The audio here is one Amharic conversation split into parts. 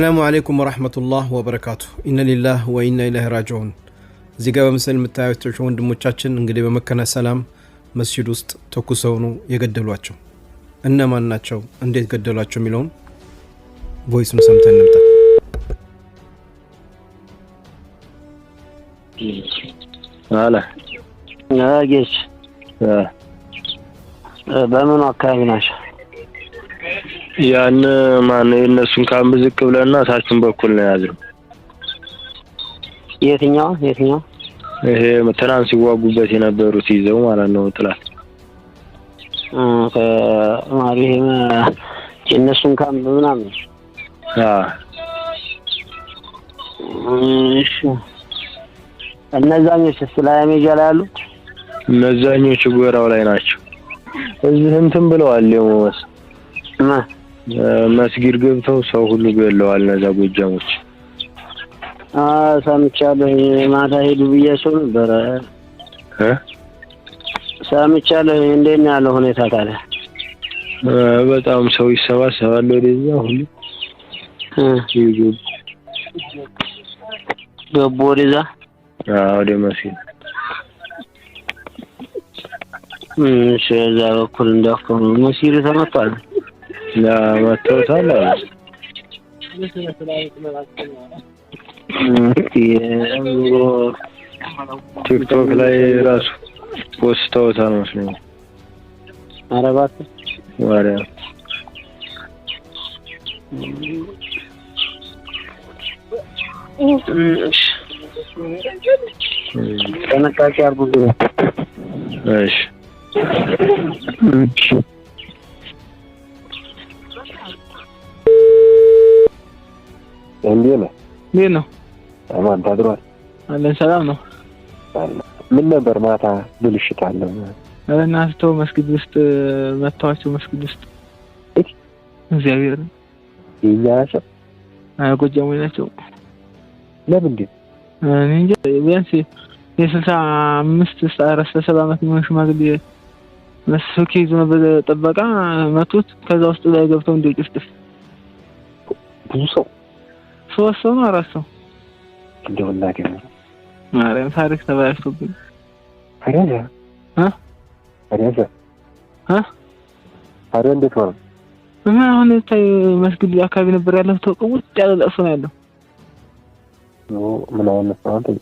ሰላሙ አሌይኩም ወራህመቱላህ ወበረካቱ። ኢና ሊላህ ወኢና ኢለይሂ ራጂዑን። እዚህ ጋር በምስል የምታያቸው ወንድሞቻችን እንግዲህ በመከነ ሰላም መስጅድ ውስጥ ተኩሰው የገደሏቸው። እነማን ናቸው? እንዴት ገደሏቸው? የሚለውን ቮይሱን ሰምተን እንምጣ። በምኑ አካባቢ ናቸው? ያን ማን የእነሱን ካምብ ዝቅ ብለና ታችን በኩል ነው የያዝነው። የትኛው የትኛው? ይሄ ትናንት ሲዋጉበት የነበሩት ይዘው ማለት ነው ጥላት ይሄ የእነሱን ካምብ ምናምን እነዛኞች ላይ አሜጃ ላይ ያሉ እነዛኞቹ ጎራው ላይ ናቸው። እዚህ እንትን ብለዋል የሞስ መስጊድ ገብተው ሰው ሁሉ ገለዋል። እነዛ ጎጃሞች ሰምቻለሁ። ማታ ሄዱ ብያቸው ነበረ ሰምቻለሁ። እንዴት ነው ያለው ሁኔታ ታዲያ? በጣም ሰው ይሰባሰባል ወደዛ ሁሉ ገቡ ወደዛ ወደ መስጊድ እዛ በኩል እንዳኮኑ መስጊዱ ተመቷል። መጥተውታል አሉ። ቲክቶክ ላይ ራሱ ፖስተውታል መስሎኝ። ኧረ እባክህ ማርያም ጥንቃቄ አድርጉ። እሺ እንዴት ነህ? እንዴት ነው? አማን ታድሯል? አለን ሰላም ነው። ምን ነበር ማታ ብልሽት አለ? ኧረ መስጊድ ውስጥ መታዋቸው መስጊድ ውስጥ እግዚአብሔር የእኛ ናቸው። ጎጃሙ ናቸው። ለምንድን እኔ እንጃ። ቢያንስ የስልሳ አምስት አራት ሰባ ዓመት የሚሆን ሽማግሌ መስኪ ይዞ ነበር ጠበቃ መቱት። ከዛ ውስጥ ላይ ገብተው እንደ ጭፍጭፍ ብዙ ሰው ሶስት ሰው ነው አራት ሰው እንደው እናቴ ነው ማርያም ታሪክ ተበላሽቶብኝ ፈረዘ እ ፈረዘ እ ታዲያ እንዴት ማለት እና አሁን ታይ መስጊድ አካባቢ ነበር ያለው ተቀውጥ ያለ ለቅሶ ነው ያለው ምን አይነት ነው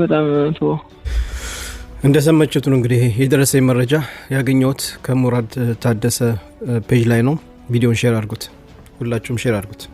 በጣም ተው እንደሰማችሁት ነው እንግዲህ የደረሰኝ መረጃ ያገኘሁት ከሙራድ ታደሰ ፔጅ ላይ ነው። ቪዲዮን ሼር አድርጉት፣ ሁላችሁም ሼር አድርጉት።